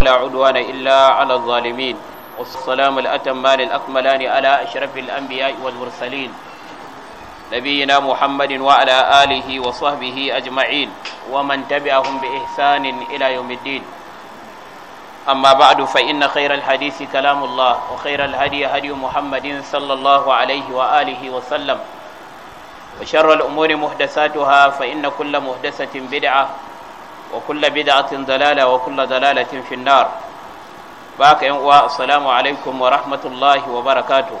لا عدوان إلا على الظالمين والسلام الأتمان الأكملان على أشرف الأنبياء والمرسلين نبينا محمد وعلى آله وصحبه أجمعين ومن تبعهم بإحسان إلى يوم الدين أما بعد فإن خير الحديث كلام الله وخير الهدي هدي محمد صلى الله عليه وآله وسلم وشر الأمور محدثاتها فإن كل محدثة بدعة وكل بدعة دلالة وكل دلالة في uwa asalamu alaikum wa rahmatullahi wa الله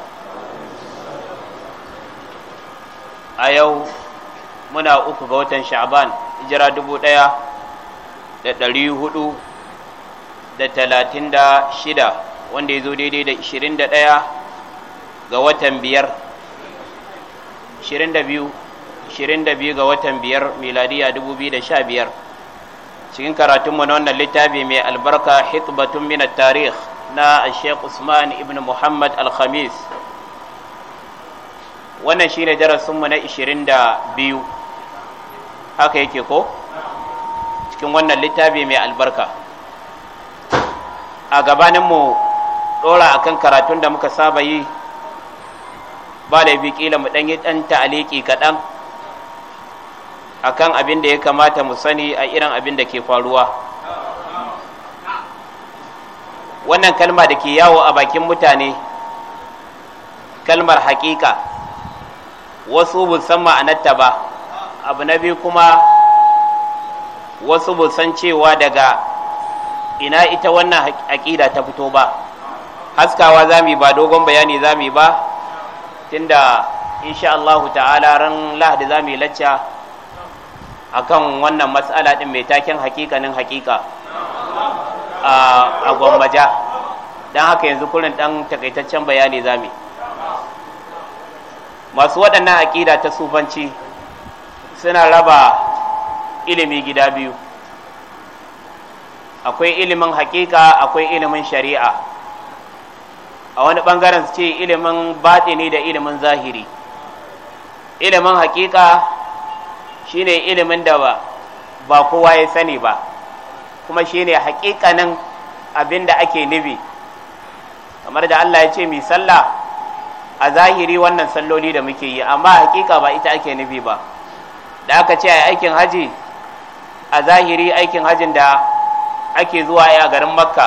a yau muna uku ga watan sha'ban hijira dubu ɗaya da ɗari hudu da talatin da shida wanda ya zo daidai da ishirin watan biyar ishirin da biyu ishirin da biyu ga watan biyar miladiya dubu biyu da sha biyar cikin karatunmu na wannan littafi mai albarka hitbatun min tarih na Sheikh Usman ibn Muhammad Al-Khamis wannan shine darasinmu na 22 haka yake ko cikin wannan littafi mai albarka a gabaninmu dora akan karatun da muka saba yi ba da bi kila mu ɗanyi ɗan ta'aliki kaɗan akan abin da ya kamata mu sani a irin abin da ke faruwa wannan kalma da ke yawo a bakin mutane kalmar hakika wasu busan ma'anarta ba abu na biyu kuma wasu busan cewa daga ina ita wannan aƙida ta fito ba haskawa za mu ba dogon bayani za mu ba tunda insha Allahu ta'ala ran lahadi za mu yi lacca akan wannan matsala din mai taken hakikanin hakika a gwammaja don haka yanzu kurin dan takaitaccen bayani zami masu waɗannan aƙida ta sufanci suna raba ilimi gida biyu akwai ilimin hakika akwai ilimin shari'a a wani bangaren su ce ilimin batini da ilimin zahiri ilimin hakika shine ilimin da ba kowa ya sani ba kuma shine hakikanin abin da ake nufi kamar da Allah ya ce mai sallah a zahiri wannan salloli da muke yi amma hakika ba ita ake nufi ba da aka ce a aikin haji a zahiri aikin hajin da ake zuwa a garin makka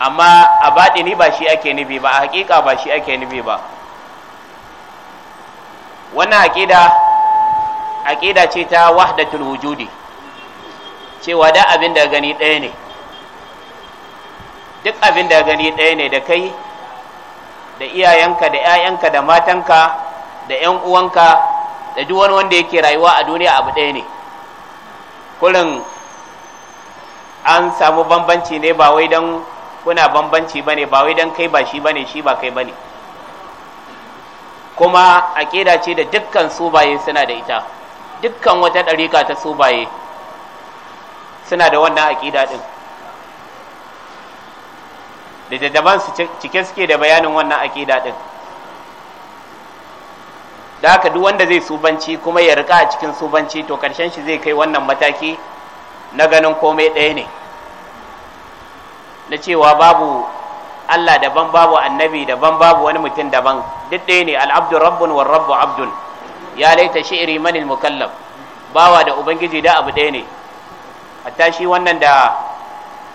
amma a baɗini ba shi ake nufi ba a hakika ba shi ake nufi ba wannan aƙida aqida ce ta wahdatul wujudi cewa da abin da gani ɗaya ne duk abin da gani ɗaya ne da kai da iyayenka da 'ya'yanka da matanka da 'yan uwanka da duk wani wanda yake rayuwa a duniya abu ɗaya ne kurin an samu bambanci ne ba wai don kuna bambanci ba ne ba wai don kai ba shi ba ne shi ba kai ba ne kuma aƙida ce da dukkan su baye suna da ita dukkan wata ɗariƙa ta subaye suna da wannan aƙida ɗin da jajjaban su cike suke da bayanin wannan aƙida ɗin da haka duk wanda zai subanci kuma ya rika a cikin subanci to ƙarshen shi zai kai wannan mataki na ganin komai ɗaya ne na cewa babu Allah daban babu annabi daban babu wani mutum daban duk ɗaya ne al'abdu rabbun wa rabbu abdun ya laita shi'ri manil mukallaf bawa da ubangiji da abu ɗaya ne hatta shi wannan da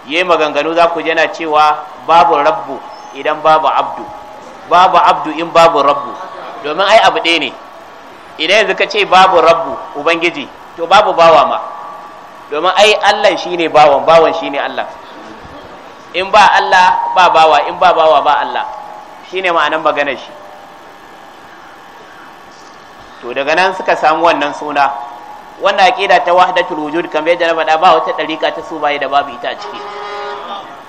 yi maganganu za ku jana cewa babu rabbu idan babu abdu babu abdu in babu rabbu domin ai abu ɗaya ne idan yanzu ka ce babu rabbu ubangiji to babu bawa ma domin ai allah shine bawan bawan shine allah in ba allah ba bawa in ba bawa ba allah Shi ne ma'anan maganar shi to daga nan suka samu wannan suna wannan aqida ta wahdatul wujud kamar da na faɗa ba wata ɗariƙa ta su baya da babu ita a ciki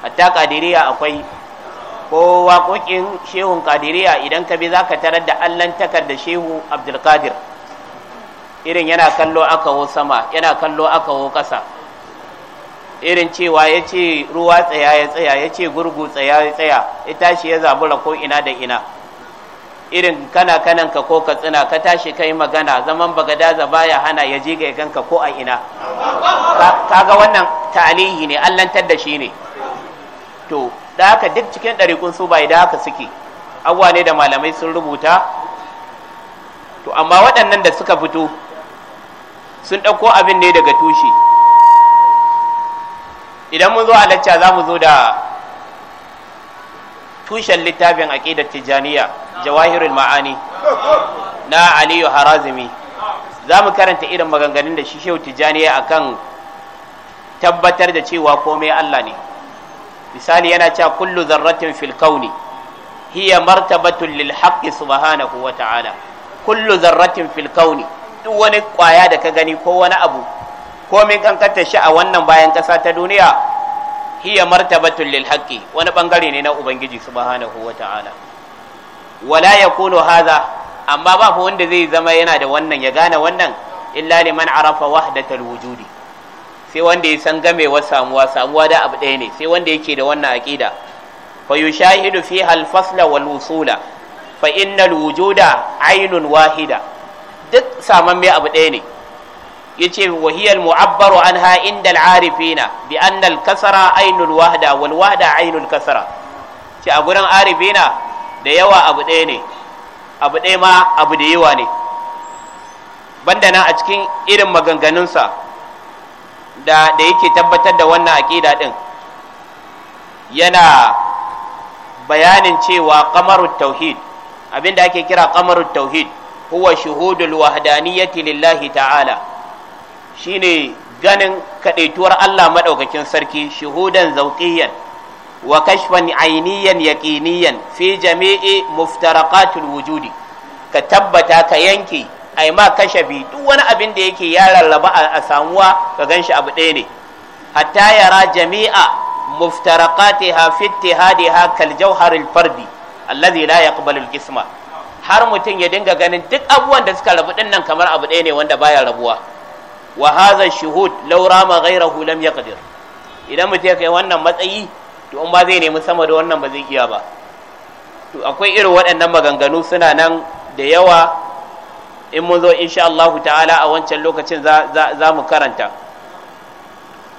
hatta qadiriyya akwai ko waƙoƙin shehun qadiriyya idan ka bi zaka tarar da allan takar da shehu abdul qadir irin yana kallo aka wo sama yana kallo aka wo ƙasa irin cewa ya ce ruwa tsaya ya tsaya ya ce gurgu tsaya ya tsaya ya tashi ya zabura ko ina da ina irin kana kanan ka ko ka tsina ka tashi kai magana zaman bagadaza baya hana ya je ga ganka ko a ina kaga wannan talihi ne allantar da shi ne to da haka duk cikin ɗariƙun su bai da haka suke abuwa ne da malamai sun rubuta to amma waɗannan da suka fito sun ɗauko abin ne daga tushe idan mun zo a lacca za mu zo da tushen littafin aqidat tijaniya jawahirul ma'ani na aliyu harazimi za mu karanta irin maganganun da shi shehu tijaniya akan tabbatar da cewa komai Allah ne misali yana cewa kullu zarratin fil kauni hiya martabatun lil haqqi subhanahu wa ta'ala kullu zarratin fil kauni duk wani kwaya da ka gani ko wani abu komai kankanta shi a wannan bayan kasa ta duniya hiya martaba lil haqqi wani bangare ne na ubangiji subhanahu ta'ala wala yakunu hadha amma ba fa wanda zai zama yana da wannan ya gane wannan illa liman arafa wahdatul wujudi sai wanda ya san gamewar samuwa samuwa da abu ɗaya ne sai wanda yake da wannan aqida fa yushahidu fiha al fasla wal wusula fa innal wujuda ainun wahida duk saman mai abu ɗaya ne yace wahiyal mu'abbaru anha indal arifina bi annal kasara ainul wahda wal wahda kasara ce a gurin arifina da yawa abu ɗaya ne abu ɗaya ma abu da yawa ne banda nan a cikin irin maganganunsa da da yake tabbatar da wannan aqida din yana bayanin cewa qamarut tauhid abinda ake kira qamarut tauhid huwa shuhudul wahdaniyyati lillahi ta'ala shine ganin kadaituwar Allah madaukakin sarki shuhudan zaukiyan, wa kashfan ayniyan yaqiniyan fi jami'i muftaraqatul wujudi ka tabbata ka yanke ai ma kashafi duk wani abin da yake ya rarraba a samuwa ka ganshi abu ɗaya ne hatta yara jami'a muftaraqatiha fi ittihadiha kal jawharil fardi alladhi la yaqbalu al qisma har mutum ya dinga ganin duk abubuwan da suka rabu dinnan kamar abu ɗaya ne wanda baya rabuwa wa hadha shuhud law rama ghayrahu lam yaqdir idan mutum kai wannan matsayi to in ba zai nemi sama da wannan ba zai iya ba to akwai irin waɗannan maganganu suna nan da yawa in mun zo insha Allah ta'ala a wancan lokacin za mu karanta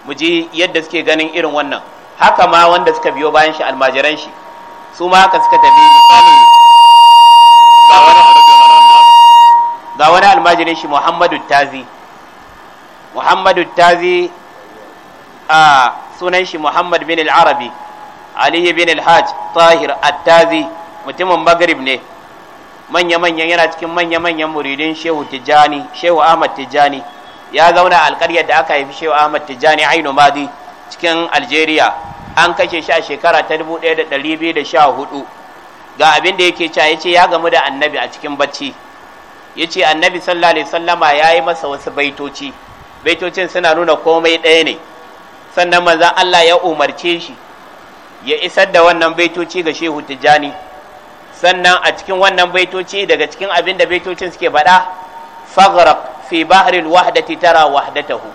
mu ji yadda suke ganin irin wannan haka ma wanda suka biyo bayan shi almajiran shi su ma haka suka tafi misali ga wani almajirin shi Muhammadu Tazi muhammadu tazi a sunan shi muhammad bin al-arabi aliyu bin al-hajj tahir at-tazi mutumin maghrib ne manya yana cikin manya-manyan muridin shehu Tijani shehu ahmad tijjani ya zauna alƙaryar da aka haifi shehu ahmad tijjani ainu madi cikin algeria an kashe shi a shekara ta 1214 ga abin da yake cewa yace ya gamu da annabi a cikin bacci yace annabi sallallahu alaihi wasallama yayi masa wasu baitoci baitocin suna nuna komai ɗaya ne sannan manzan Allah ya umarce shi ya isar da wannan baitoci ga shehu tijjani sannan a cikin wannan baitoci daga cikin abin da baitocin suke faɗa Fagrak fi bahril wahdati tara wahdatahu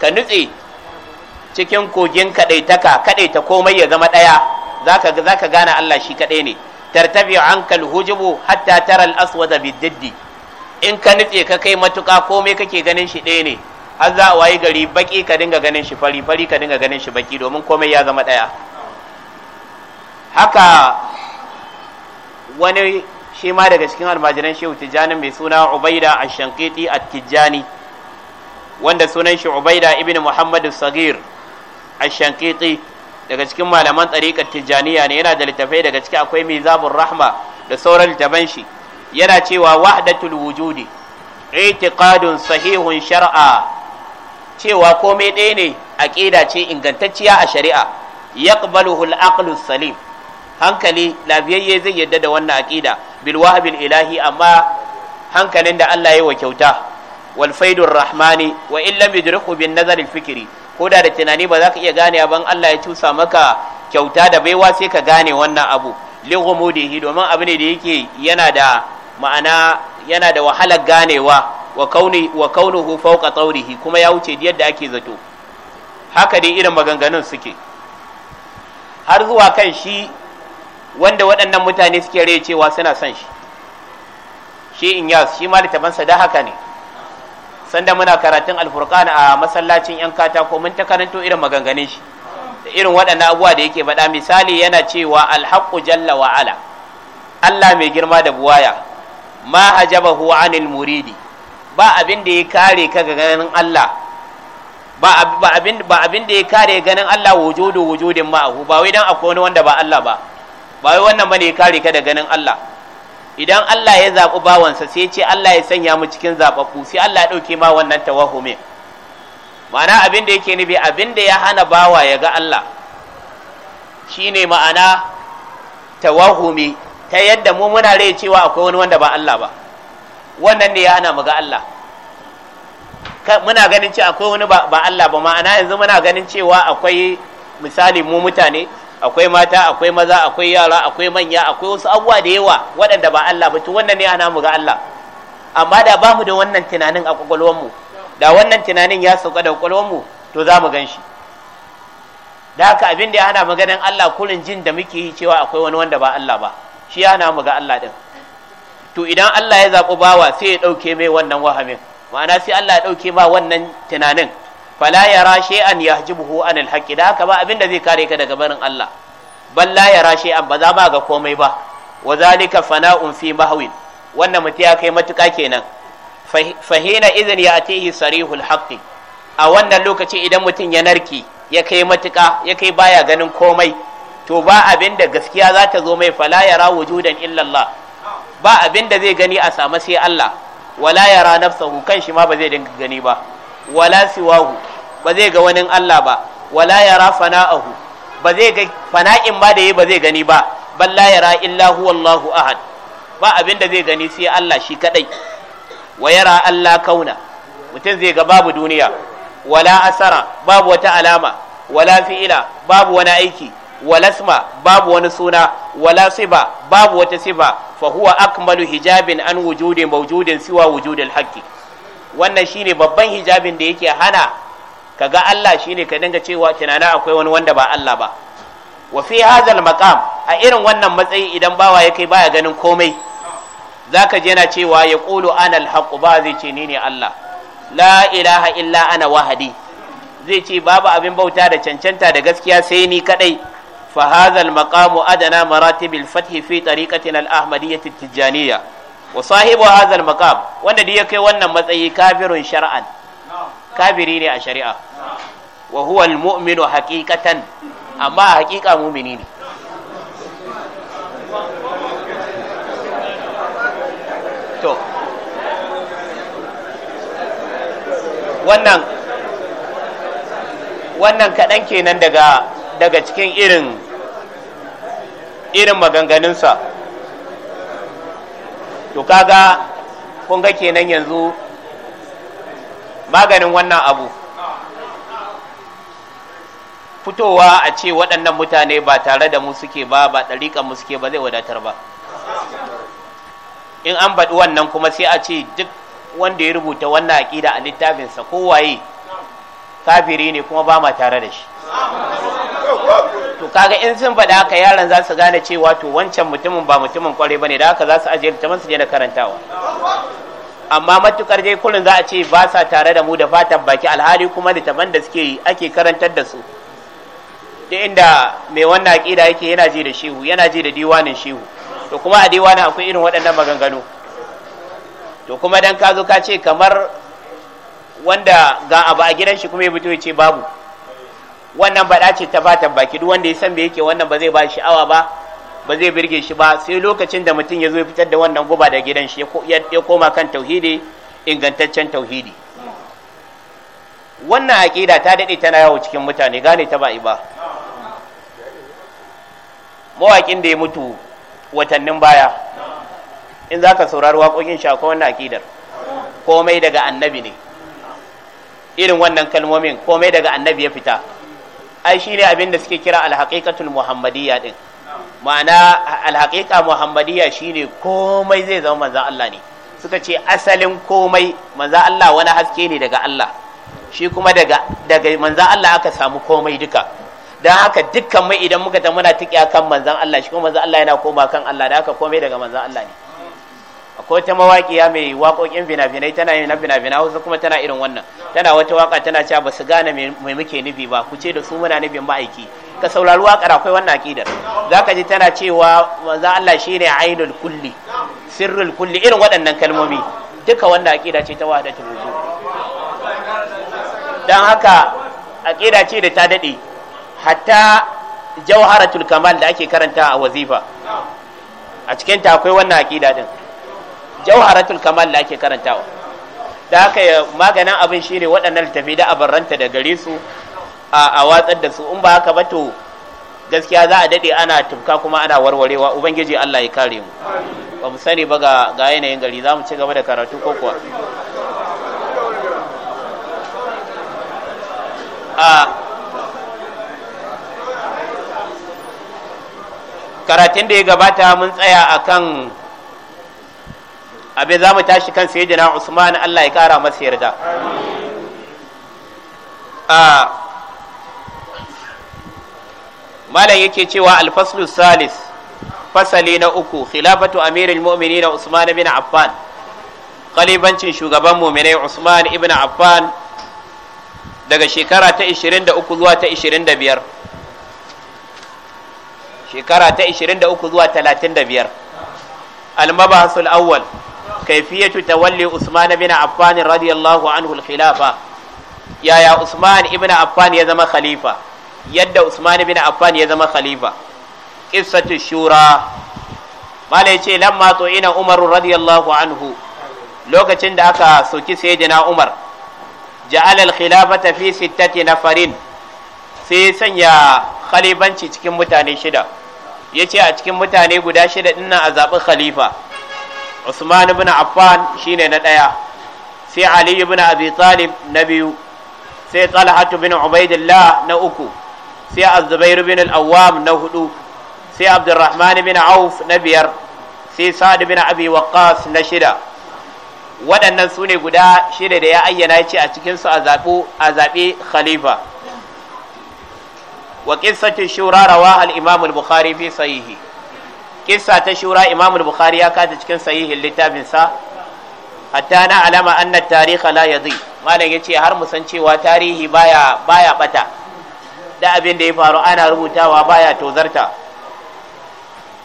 ka nutse cikin kogin kadaitaka kadaita komai ya zama ɗaya zaka zaka gane Allah shi kaɗai ne tartabi ankal hujubu hatta tara al aswada in ka nutse ka kai matuka komai kake ganin shi ɗaya ne har za a wayi gari baki ka dinga ganin shi fari fari ka dinga ganin shi baki domin komai ya zama ɗaya haka wani shi ma daga cikin almajiran shehu tijjani mai suna ubaida a shankiti a tijjani wanda sunan shi ubaida ibn muhammad sagir a shankiti daga cikin malaman tsariƙar tijjaniya ne yana da littafai daga ciki akwai mizabun rahma da sauran littafan shi yana cewa wahdatul wujudi itiqadun sahihun shar'a cewa komai ɗaya ne aƙida ce ingantacciya a shari'a ya al-aqlu salim hankali lafiyayye zai yadda da wannan aƙida bil wahabil ilahi amma hankalin da Allah ya wa kyauta wal rahmani wa illa yudriku bin nazarin fikiri fikri ko da da tunani ba za ka iya gane ban Allah ya cusa maka kyauta da baiwa sai ka gane wannan abu li gumudihi domin abu ne da yake yana da ma'ana yana da wahalar ganewa wa kauni kaunuhu fawqa kuma ya wuce yadda ake zato haka dai irin maganganun suke har zuwa kan shi wanda waɗannan mutane suke rai cewa suna son shi shi inyas shi ma littafansa da haka ne sanda muna karatun Alfurkan a masallacin yan katako mun ta karanto irin maganganun shi da irin waɗannan abuwa da yake faɗa misali yana cewa alhaqqu jalla wa ala Allah mai girma da buwaya ma hajabahu anil muridi ba abin da ya kare ka ga ganin Allah ba abin da ya kare ganin Allah wujudu wujudin ma'ahu ba wai dan akwai wani wanda ba Allah ba ba wai wannan bane ya kare ka da ganin Allah idan Allah ya zaɓi bawansa sai ce Allah ya sanya mu cikin zaɓaɓɓu sai Allah ya ɗauke ma wannan tawahumi ma'ana abin da yake nufi abin da ya hana bawa ya ga Allah shine ma'ana tawahumi ta yadda mu muna rai cewa akwai wani wanda ba Allah ba wannan ne ya ana mu ga Allah muna ganin cewa akwai wani ba Allah ba ma'ana yanzu muna ganin cewa akwai misali mu mutane akwai mata akwai maza akwai yara akwai manya akwai wasu abubuwa da yawa waɗanda ba Allah ba to wannan ne ana mu ga Allah amma da ba mu da wannan tunanin a kwakwalwar mu da wannan tunanin ya sauka da kwakwalwar mu to za mu gan shi da haka abin da ya hana maganin Allah kurin jin da muke yi cewa akwai wani wanda ba Allah ba shi ya hana mu ga Allah din to idan Allah ya zaɓi bawa sai ya ɗauke mai wannan wahamin ma'ana sai Allah ya ɗauke ma wannan tunanin fala an shay'an yahjibuhu anil haqqi da haka ba abin da zai kare ka daga barin Allah bal la yara ba za ma ga komai ba wa zalika fana'un fi mahwin wannan mutum ya kai matuƙa kenan fahina izin ya atihi sarihul haqqi a wannan lokaci idan mutum ya narki ya kai matuƙa ya kai baya ganin komai to ba abin da gaskiya za ta zo mai fala wujudan illallah ba abin da zai gani a sama sai Allah wala yara nafsahu kan shi ma ba zai dinga gani ba wala siwahu ba zai ga wani Allah ba wala yara fana'ahu ba zai ga fana'in ma da yi ba zai gani ba bal la yara illa allahu ahad ba abin da zai gani sai Allah shi kadai wa yara Allah kauna mutum zai ga babu duniya wala asara babu wata alama wala fi'ila babu wani aiki walasma babu wani suna wala siba babu wata siba fa huwa akmalu hijabin an wujudin mawjudin siwa wujudil haqqi wannan shine babban hijabin da yake hana kaga Allah shine ka dinga cewa tunana akwai wani wanda ba Allah ba wa fi hadhal maqam a irin wannan matsayi idan bawa ya kai baya ganin komai zaka je na cewa ya qulu ana al ba zai ce ni ne Allah la ilaha illa ana wahadi zai ce babu abin bauta da cancanta da gaskiya sai ni kadai فهذا المقام أدنى مراتب الفتح في طريقتنا الأحمدية التجانية وصاحب هذا المقام وانا دي يكي وانا متأي كافر شرعا كافرين الشريعة وهو المؤمن حقيقة أما حقيقة مؤمنين to wannan wannan kaɗan kenan daga daga cikin irin irin maganganunsa to kaga kun ga kenan yanzu maganin wannan abu fitowa a ce waɗannan mutane ba tare da mu suke ba ba ɗariƙa mu suke ba zai wadatar ba in an baɗi wannan kuma sai a ce duk wanda ya rubuta wannan aƙida a littafinsa ko waye? kafiri ne kuma ba ma tare da shi to kaga in sun faɗa haka yaran za su gane cewa to wancan mutumin ba mutumin kwarai ba ne, da haka za su ajiye littafin su je na karantawa amma matukar dai kullun za a ce ba sa tare da mu da fatan baki alhali kuma littafan da suke yi ake karantar da su da inda mai wannan aƙida yake yana ji da shehu yana ji da diwanin shehu to kuma a diwanin akwai irin waɗannan maganganu to kuma dan ka zo ka ce kamar wanda ga abu a gidan shi kuma ya fito ya ce babu wannan ba ce ta fatan baki duk wanda ya san me yake wannan ba zai ba sha'awa ba ba zai birge shi ba sai lokacin da mutum ya zo ya fitar da wannan guba da gidan shi ya koma kan tauhidi ingantaccen tauhidi wannan aƙida ta daɗe tana yawo cikin mutane gane ta ba yi ba mawaƙin da ya mutu watannin baya in za ka saurari waƙoƙin shi akwai wannan aƙidar komai daga annabi ne irin wannan kalmomin komai daga annabi ya fita ai ne abin da suke kira alhaqiqatul muhammadiyya din ma'ana alhaqiqa muhammadiyya shine komai zai zama manzon Allah ne suka ce asalin komai manzon Allah wani haske ne daga Allah shi kuma daga daga Allah aka samu komai duka dan haka dukkan mai idan muka ta muna tikiya kan manzon Allah shi kuma manzon Allah yana koma kan Allah da haka komai daga manzon Allah ne akwai wata mawaƙiya mai waƙoƙin fina-finai tana yin fina-fina wasu kuma tana irin wannan tana wata waƙa tana cewa ba su gane mai muke nufi ba ku ce da su muna nufin ma'aiki ka saurari waƙar akwai wannan aƙidar za ka ji tana cewa manzo Allah shi ne ainul kulli sirrul kulli irin waɗannan kalmomi duka wannan aƙida ce ta ta wujud dan haka aƙida ce da ta daɗe hatta jawharatul kamal da ake karanta a wazifa a cikin ta akwai wannan aƙida din jawharatul kamal da ake karantawa da haka maganin abin shi ne waɗannan tafi da abaranta da gare su a watsar da su in ba haka ba to gaskiya za a daɗe ana tufka kuma ana warwarewa ubangiji Allah ya kare mu ba mu sani ba ga yanayin gari za mu ci gaba da karatu ko kuwa karatun da ya gabata mun tsaya akan abin za mu tashi kan sayyidina usman allah ya kara masa yarda malam yake cewa alfaslu salis fasali na uku khilafatu amirul mu'minin usman bin affan kalibancin shugaban mu'minai usman ibn affan daga shekara ta 23 zuwa ta 25 shekara ta 23 zuwa 35 Almaba mabahasul awwal Kaifi kaifiyatu tawalli Usman bin Affan radiyallahu anhu al-khilafa yaya Usman ibn Affan yadda Usman bin Affan ya zama khalifa qissatu shura malai ce lamma to ina Umar radiyallahu anhu lokacin da aka sauki sayyidina Umar ja'ala al-khilafata fi na farin. sai sanya khalifanci cikin mutane shida yace a cikin mutane guda shida dinnan a zabi khalifa Usman ibn Affan shine na ɗaya sai Ali ibn Abi Talib na biyu sai Talha bin Ubaidillah na uku sai az bin ibn awwam na hudu sai Abdurrahman bin Auf na biyar sai sadi bin Abi Waqqas na shida waɗannan su ne guda shida da ya ayyana ce a cikinsu a zaɓe khalifa wa qissatu shura rawaha al-Imam al-Bukhari fi sahihi kissa ta shura imam bukhari ya kata cikin sahihin littafin sa hatta na alama anna tarihi la yadhi malam yace har mu san cewa tarihi baya baya bata da abin da ya faru ana rubutawa baya tozarta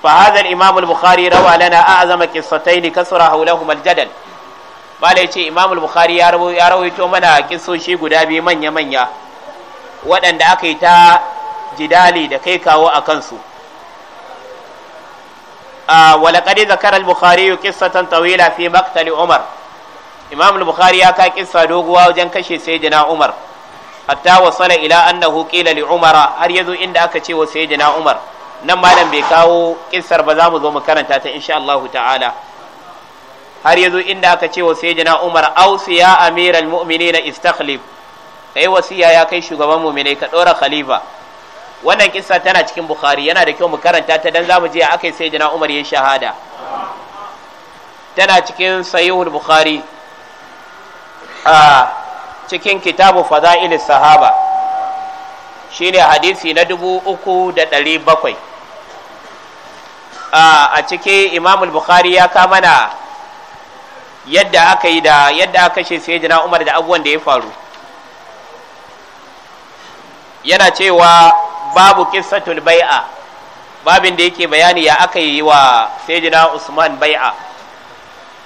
fa hadha al-imam al-bukhari rawa lana a'zama qissatayn kasra hawlahuma al-jadal malam yace imam al-bukhari ya rawaito mana kissoshi guda biyu manya manya waɗanda aka yi ta jidali da kai kawo a kansu ولقد ذكر البخاري قصة طويلة في مقتل عمر إمام البخاري يكا قصة دوغوا وجن كشي سيدنا عمر حتى وصل إلى أنه قيل لعمر هل يذو إن أكتي وسيدنا عمر نما لم بيكاو قصة بزام ذو مكان إن شاء الله تعالى har yazo inda aka ce wa sayyidina Umar ausiya amiral mu'minina istakhlif kai wasiya ya kai shugaban mu'minai ka dora khalifa wannan kissa tana cikin bukhari yana da kyau mu karanta ta dan zamu je akai sai umar ya shahada tana cikin sahihul bukhari a cikin kitabu fada'ilis sahaba shine hadisi na ɗari a a ciki, imam bukhari ya kama na yadda aka yi da yadda aka shi sai umar da abubuwan da ya faru yana cewa babu kissatul bai'a babin da yake bayani ya aka yi wa sayyidina Usman bai'a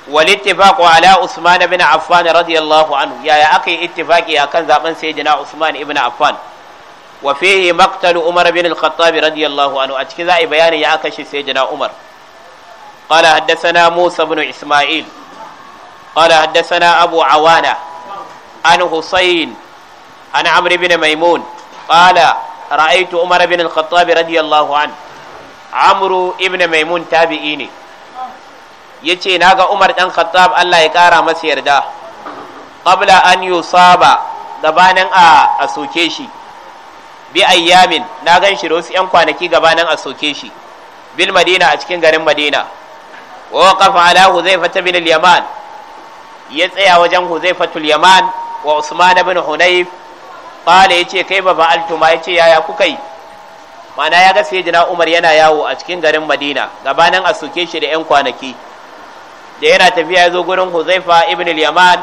wal ittifaqu ala Usman ibn Affan radiyallahu anhu ya ya aka yi ittifaqi akan zaben sayyidina Usman ibn Affan wa fihi maqtalu Umar ibn al-Khattab radiyallahu anhu a cikin zai bayani ya aka shi sayyidina Umar قال Musa موسى بن Isma'il. قال حدثنا أبو عوانة An حسين An عمرو بن ميمون قال ra'aitu umar bin al-khattab radiyallahu an amru ibn maimun tabi'i ne yace ga umar dan khattab Allah ya kara masa yarda qabla an yusaba gabanin a soke shi bi ayyamin na gan shi da wasu 'yan kwanaki gabanin a soke shi bil madina a cikin garin madina wa waqafa ala huzaifata bin al-yaman ya tsaya wajen huzaifatul yaman wa usman bin hunayf ya ce, kai ba ya yace yaya kuka yi mana ya ga sai jina Umar yana yawo a cikin garin Madina gabanin a suke shi da yan kwanaki da yana tafiya ya zo gurin Huzaifa ibn yaman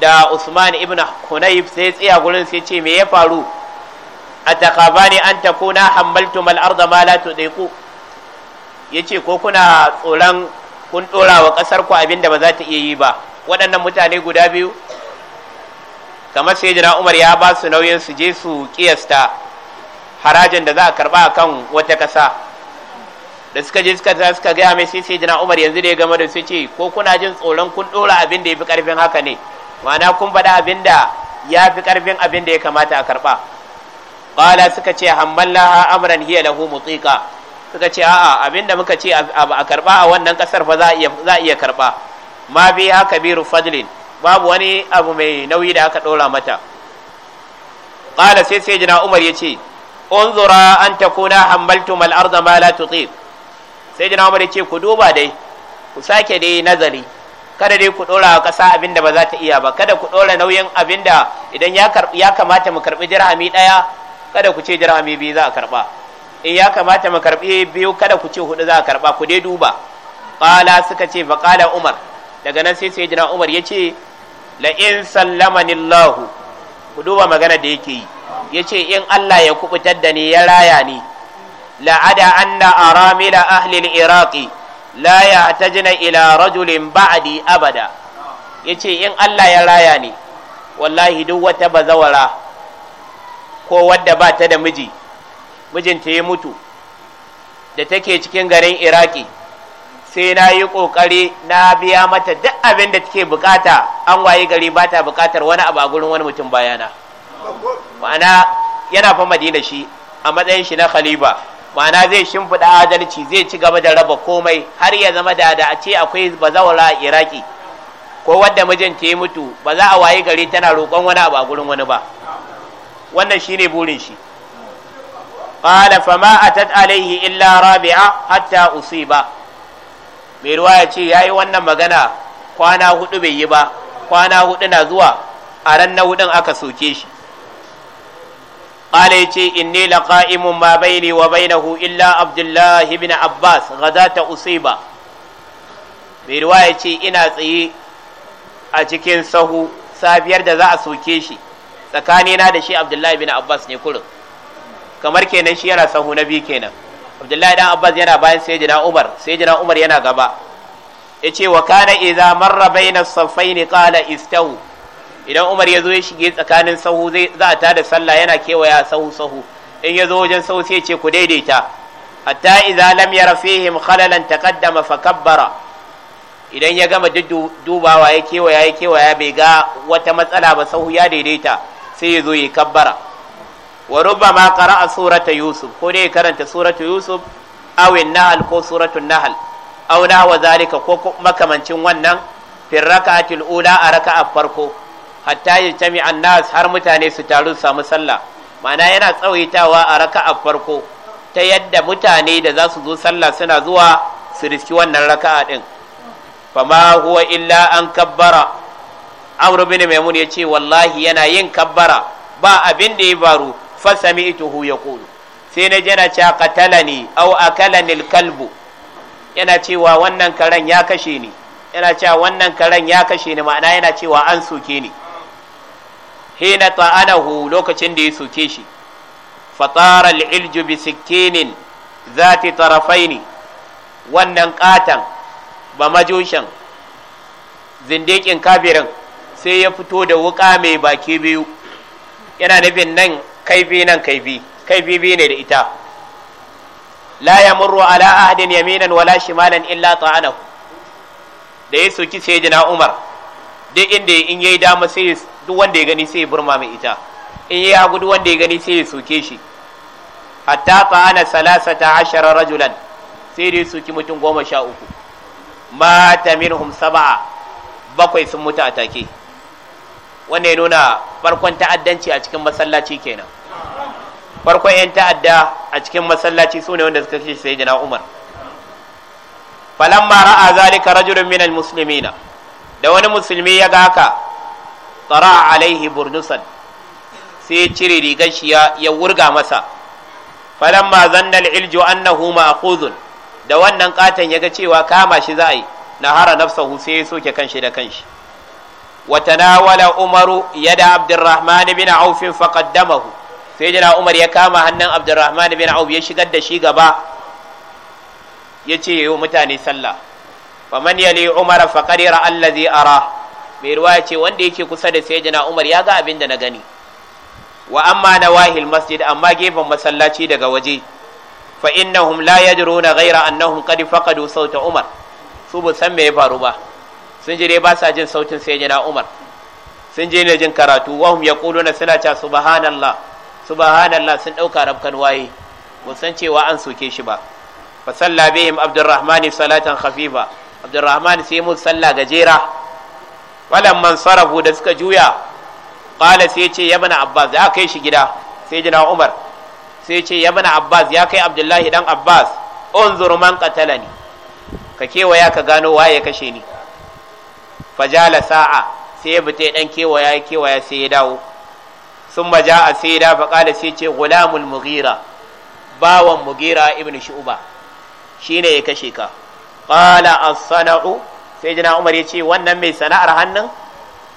da Usman ibn Hunayf sai tsaya gurin sai ce me ya faru A takaba ne an na hammaltum al-ardha ma la Ya ce ko kuna tsoron kun ɗora wa ƙasar ku abinda ba za ta iya yi ba waɗannan mutane guda biyu kamar sai jina umar ya ba su nauyin su je su kiyasta harajin da za a karba a kan wata kasa da suka je suka za suka gaya mai sai jira umar yanzu da ya gama da su ce ko kuna jin tsoron kun ɗora abin da ya fi ƙarfin haka ne ma'ana kun faɗa abin da ya fi ƙarfin abin da ya kamata a karba ƙala suka ce hammallaha amran hiya lahu mutiqa suka ce a'a abin da muka ce a karba a wannan kasar fa za a iya karba ma bi kabiru fadlin babu wani abu mai nauyi da aka ɗora mata qala sai sai jina umar ya ce un zura an ta kuna hambaltu mal'ar zama la tutiq sai jina umar ya ce ku duba dai ku sake dai nazari kada dai ku ɗora a ƙasa abin da ba za ta iya ba kada ku ɗora nauyin abin da idan ya kamata mu karɓi dirhami ɗaya kada ku ce dirhami biyu za a karɓa in eh, ya kamata mu karɓi biyu kada ku ce hudu za a karɓa ku dai duba ƙala suka ce ba ƙala umar daga nan sai sai jina umar ya ce la in sallamani Allahu ku duba magana da yake yi yace in Allah ya kubutar da ni ya raya ni la ada anna aramila ahli al-iraq la ya'tajina ila rajulin ba'di abada yace in Allah ya raya ni wallahi duk wata bazawara ko wadda ba ta da miji mijinta ya mutu da take cikin garin iraki sai na yi ƙoƙari na biya mata duk abin da take bukata an waye gari ba ta bukatar wani abu a gurin wani mutum bayana ma'ana yana fa madina shi a matsayin shi na khalifa ma'ana zai shimfiɗa adalci zai ci gaba da raba komai har ya zama da da a ce akwai bazawara a iraki ko wadda mijinta ya mutu ba za a waye gari tana roƙon wani abu a gurin wani ba wannan shine burin shi قال فما أتت عليه إلا رابعة حتى أصيبا mai ruwa ya ce ya yi wannan magana kwana hudu bai yi ba kwana hudu na zuwa a ran na hudun aka soke shi ƙala ya ce inni laqa'imun ma baini wa bainahu illa abdullahi bin abbas ghazata usiba mai ruwa ya ce ina tsaye a cikin sahu safiyar da za a soke shi tsakanina da shi abdullahi bin abbas ne kurin kamar kenan shi yana sahu na biyu kenan abdullahi dan abbas yana bayan sayyidina umar sayyidina umar yana gaba yace wa kana idza marra baina saffaini qala istawu idan umar ya zo ya shige tsakanin sahu zai za a da sallah yana kewaya sahu sahu in ya zo wajen sahu sai ce ku daidaita hatta idza lam yara fihim khalalan taqaddama fa kabbara idan ya gama dubawa ya kewaya ya kewaya bai ga wata matsala ba sahu ya daidaita sai ya zo ya kabbara wa rubbama qara'a surata yusuf ko dai karanta surata yusuf aw an-nahl ko suratun nahl aw nahwa zalika ko makamancin wannan fi rak'atil ula a raka'a farko hatta yajtami an-nas har mutane su taru su samu sallah ma'ana yana tsawaitawa a raka'a farko ta yadda mutane da za su zo sallah suna zuwa su riski wannan raka'a din fama huwa illa an kabbara amr bin maimun yace wallahi yana yin kabbara ba abin da ya faru fasami'tuhu yaqulu sai na jana cewa qatalani aw akalani alkalbu yana cewa wannan karen ya kashe ni yana cewa wannan karen ya kashe ni ma'ana yana cewa an soke ni hina ta'anahu lokacin da ya soke shi fatara al'ilju bi sikkinin zati tarafaini wannan katan ba majushan zindikin kabirin sai ya fito da wuka mai baki biyu yana nufin nan Kai bi nan kai bi, kai bi biyu ne da ita la yamurru ala ahdin yaminan wala shimalan illa ta'anahu da ya soki sai jina Umar duk inda in yayi dama sai duk wanda ya gani sai ya burma mai ita in yayi hagu duk wanda ya gani sai ya soke shi hatta ta'ana salasata ashara rajulan sai da ya soki mutum goma sha uku mata minhum saba'a bakwai sun mutu a take wanda ya nuna farkon ta'addanci a cikin masallaci kenan farkon 'yan ta'adda a cikin masallaci sune wanda suka kashe sai jana umar falamma ra'a zalika rajulun minal muslimina da wani musulmi ya ga haka tsara alaihi burnusan sai cire rigar shi ya wurga masa falamma zanna iljo annahu ma'khuzun da wannan katon ya ga cewa kama shi za a yi nahara nafsahu sai ya soke kanshi da kanshi وتناول عمر يد عبد الرحمن بن عوف فقدمه سيدنا عمر ya kama hannun Abdurrahman bin Auf ya shigar da shi gaba yace yayi mutane sallah faman yali Umar faqad ra allazi ara mai ruwa yace wanda yake kusa da sayyidina Umar ya ga abin da na gani wa amma nawahil masjid amma gefen masallaci daga waje fa innahum la yadruna ghaira annahum qad faqadu sauta Umar su bu san me ya faru ba sun je dai ba sa jin sautin sayyidina Umar sun je ne jin karatu Wa hum yaquluna suna cewa subhanallah subhanallah sun dauka rabkan waye ba san cewa an soke shi ba fa salla bihim abdurrahman salatan khafifa abdurrahman sai mu salla gajera walam man sarafu da suka juya qala sai ce ya bana abbas ya kai shi gida sayyidina Umar sai ce ya bana abbas ya kai abdullahi dan abbas unzur man qatalani ka kewaya ka gano waye kashe ni fajala sa'a sai ya bute dan kewaya kewaya sai ya dawo sun maja a sai ya dafa kala sai ce gulamul mugira bawan mugira ibn shu'ba shine ya kashe ka qala as-sana'u sai jina umar ya ce wannan mai sana'ar hannun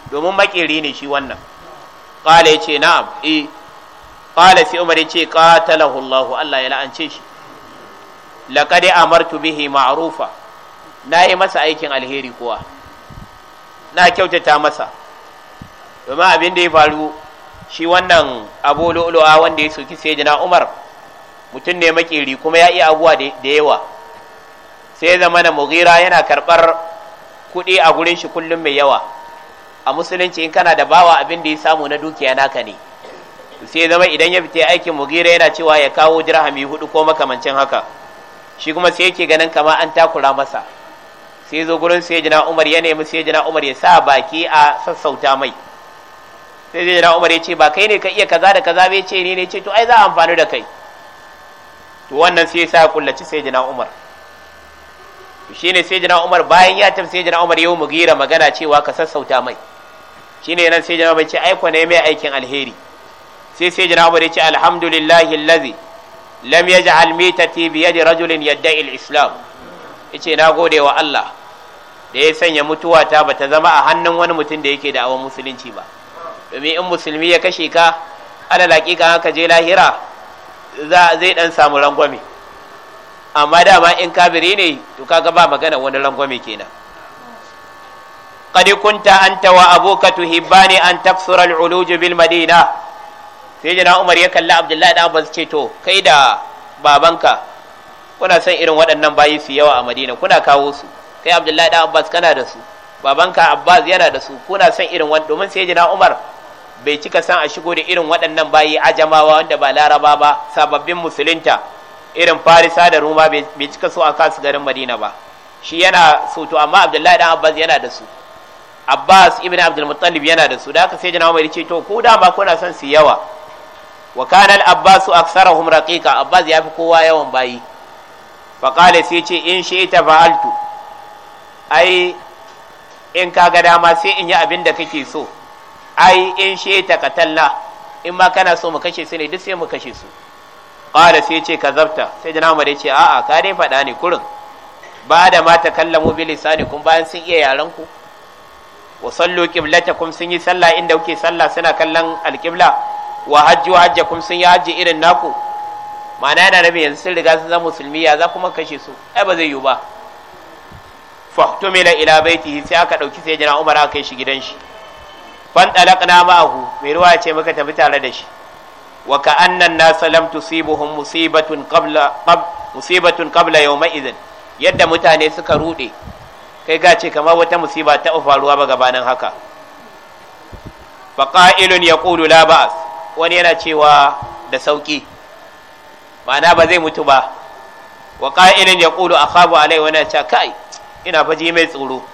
domin makeri ne shi wannan qala ya ce na'am eh qala sai umar ya ce qatalahu Allah Allah ya la'ance shi laqad amartu bihi ma'rufa yi masa aikin alheri kuwa na kyautata masa domin abin da ya faru shi wannan abu lo'lo'a wanda ya soki sai jina umar mutum ne makeri kuma ya iya abuwa da yawa sai zama na mugira yana karɓar kuɗi a gurin shi kullum mai yawa a musulunci in kana da bawa abin da ya samu na dukiya naka ne sai zama idan ya fita aikin mugira yana cewa ya kawo dirhami hudu ko makamancin haka shi kuma sai yake ganin kama an takura masa sai zo gurin sayyidina Umar ya nemi sayyidina Umar ya sa baki a sassauta mai sai sayyidina Umar ya ce ba kai ne ka iya kaza da kaza bai ce ni ne ce to ai za a amfani da kai to wannan sai sa kullaci sayyidina Umar shine sayyidina Umar bayan ya tafi sayyidina Umar yau mugira magana cewa ka sassauta mai shine nan sayyidina Umar ce ai ne mai aikin alheri sai sayyidina Umar ya ce alhamdulillahi allazi lam yaj'al mitati bi yadi rajulin yadda'i al-islam yace na gode wa Allah da ya sanya mutuwa ta bata zama a hannun wani mutum da yake da awon musulunci ba domin in musulmi ya kashe ka ana ka haka je lahira za zai dan samu rangwame amma dama in kabiri ne to kaga ba magana wani rangwame kenan qad kunta anta wa abuka tuhibbani an taksura al-uluj bil madina sai jira umar ya kalla abdullahi da abbas ce to kai da babanka kuna son irin waɗannan bayi su yawa a madina kuna kawo su kai abdullahi dan abbas kana da su babanka abbas yana da su kuna son irin wani domin sai jina umar bai cika san a shigo da irin waɗannan bayi ajamawa wanda ba laraba ba sababbin musulunta irin farisa da ruma bai cika so a kasu garin madina ba shi yana so to amma abdullahi dan abbas yana da su abbas ibn abdul yana da su da haka sai jina umar ya ce to ko dama kuna son su yawa wa kana al abbas aksarahum raqiqa abbas yafi kowa yawan bayi fa qala sai ce in shi ita fa'altu ai in ka ga dama sai in yi abin da kake so ai in she ta katalla in ma kana so mu kashe su ne duk sai mu kashe su qala sai ce zabta. sai jina mu ce a'a ka dai faɗa ne kurin ba da ma ta kallamu bi lisani kun bayan sun iya yaran ku wa sallu qiblatakum sun yi sallah inda kuke sallah suna kallon alqibla wa hajju hajjakum sun yi hajji irin naku ma'ana yana rabe yanzu sun riga sun zama musulmi ya za kuma kashe su ai ba zai yiwu ba fahtumila ila baitihi sai aka dauki sai jina umar aka kai shi gidan shi fan dalakna ma'ahu mai ruwa ce muka tafi tare da shi wa ka annan nasa lam tusibuhum musibatun qabla qab musibatun qabla yawma idhin yadda mutane suka rude kai ga ce kamar wata musiba ta faruwa ba gabanin haka fa qa'ilun yaqulu la ba'as wani yana cewa da sauki ma'ana ba zai mutu ba wa qa'ilun yaqulu akhabu alai wani ya ce kai ina faje mai tsoro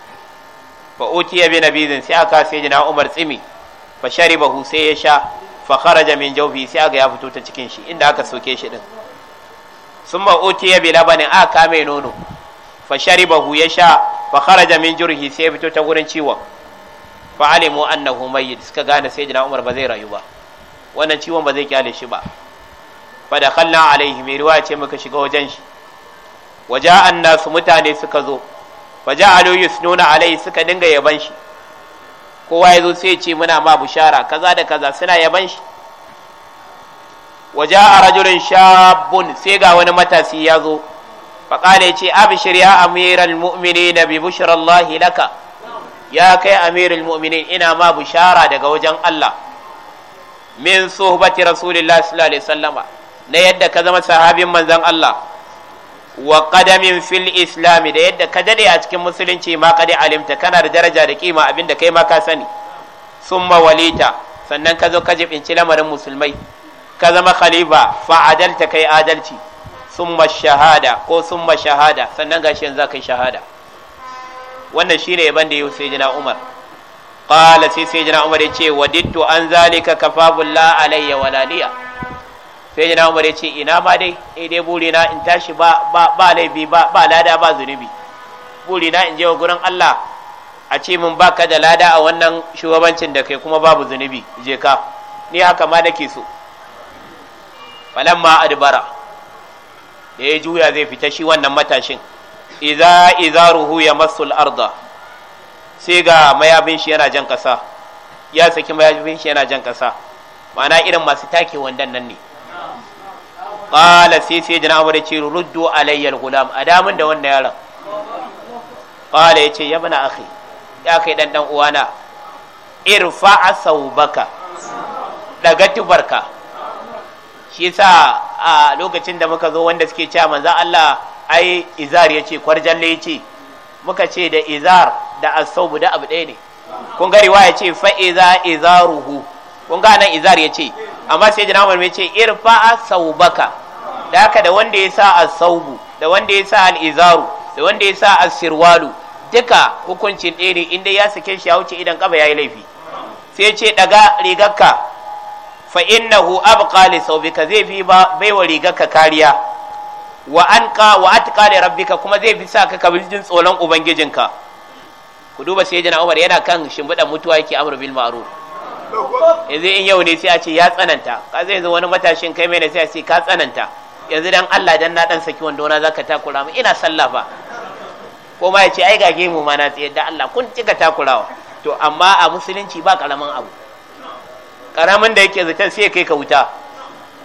fa ya bi bizin, sai aka sai jina Umar tsimi fa sharibahu sai ya sha fa kharaja min jawfi sai aka ya fito ta cikin shi inda aka soke shi din summa ya bi labanin aka mai nono fa sharibahu ya sha fa kharaja min jurhi sai ya fito ta gurin ciwon fa alimu annahu mayyit suka gane sai jina Umar ba zai rayu ba wannan ciwon ba zai kyale shi ba fa dakhalna alaihi mai riwaya ce muka shiga wajen shi waja'an annasu mutane suka zo fa ja'alu yusnuna alai suka dinga yaban shi kowa ya zo sai ya ce muna ma bushara kaza da kaza suna yaban shi waje a rajulun shabun sai ga wani matasi ya zo faƙala ya ce abishir ya amiral mu'mini na bi bushirallahi laka ya kai amiral mu'mini ina ma bushara daga wajen Allah min sohbati rasulillah sallallahu alaihi wasallama na yadda ka zama sahabin manzon Allah wa qadamin fil islami da yadda ka dade a cikin musulunci ma ka dai alimta kana da daraja da kima abinda kai ma ka sani summa walita sannan ka zo ka jibinci lamarin musulmai ka zama khalifa fa adalta kai adalci summa shahada ko summa shahada sannan gashi yanzu kai shahada wannan shine ban da yau sayyidina Umar qala sai sayyidina Umar ya ce wadittu an zalika kafabullah alayya walaliya sai jina umar ya ce ina ma dai eh dai burina in tashi ba ba laifi ba lada ba zunubi burina in je wa gurin Allah a ce min baka da lada a wannan shugabancin da kai kuma babu zunubi je ka ni haka ma nake so falamma adbara da ya juya zai fita shi wannan matashin iza iza ruhu ya masul arda sai ga mayabin shi yana jan kasa ya saki mayabin shi yana jan kasa ma'ana irin masu take wandan nan ne qala sai sai jina abu da ce ruddu alayya al-gulam a damun da wannan yaron qala yace ya bana akhi ya kai dan dan uwana irfa asawbaka daga tubarka shi yasa a lokacin da muka zo wanda suke cewa manzo Allah ai izar yace ya yace muka ce da izar da asawbu da abu ɗaya ne kun ga riwaya ce fa iza izaruhu kun ga nan izar yace amma sai jina Umar ce irfa asawbaka da haka da wanda ya sa al saubu da wanda ya sa al-izaru da wanda ya sa al sirwalu duka hukuncin ɗaya ne inda ya sake shi ya wuce idan kaba yayi laifi sai ce daga rigarka fa innahu abqa li saubika zai fi baiwa rigarka kariya wa anqa wa atqa li rabbika kuma zai fi sa ka kabilin tsoron ubangijinka ku duba sai jana Umar yana kan shimbiɗan mutuwa yake amru bil ma'ruf yanzu in yau ne sai a ce ya tsananta ka zai zo wani matashin kai mai sai a ce ka tsananta yanzu dan Allah dan na dan saki wando na zaka takura mu ina sallah ba ko ma yace ai gage mu ma na tsaye da Allah kun cika takurawa to amma a musulunci ba karamin abu karamin da yake zaton sai kai ka wuta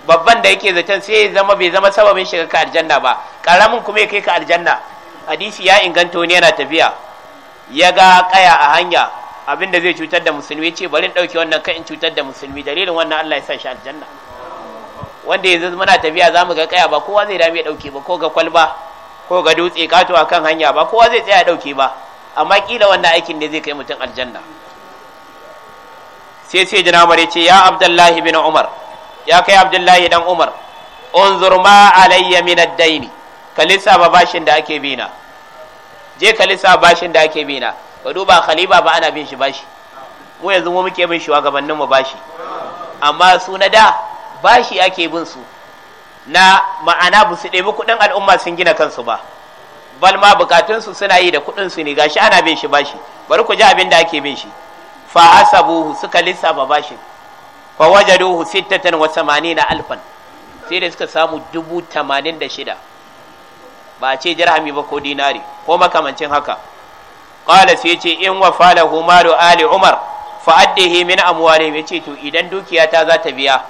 babban da yake zaton sai zama bai zama sababin shiga ka aljanna ba karamin kuma ya kai ka aljanna hadisi ya inganta wani yana tafiya ya ga kaya a hanya abinda zai cutar da musulmi ce bari in ɗauke wannan kan in cutar da musulmi dalilin wannan Allah ya sa shi aljanna wanda yanzu muna tafiya za mu ga kaya ba kowa zai dame ya ɗauke ba ko ga kwalba ko ga dutse kato a kan hanya ba kowa zai tsaya ɗauke ba amma kila wannan aikin ne zai kai mutum aljanna sai sai jina mare ce ya abdullahi bin umar ya kai abdullahi dan umar unzur ma alayya min ad-daini kalisa ba bashin da ake bina je kalisa bashin da ake bina ka duba khalifa ba ana bin shi bashi mu yanzu mu muke bin shi gabanin mu bashi amma su na da bashi ake bin su na ma'ana ba su ɗebi kuɗin al'umma sun gina kansu ba bal ma bukatunsu suna yi da kuɗin su ne gashi ana bin shi bashi bari ku ji abin da ake bin shi fa asabuhu suka lissafa bashin fa wajaduhu sittatan wa samanina alfan sai da suka samu dubu tamanin da shida ba a ce dirhami ba ko dinari ko makamancin haka qala sai ce in wa falahu malu ali umar fa addihi min amwalihim yace to idan dukiya ta za ta biya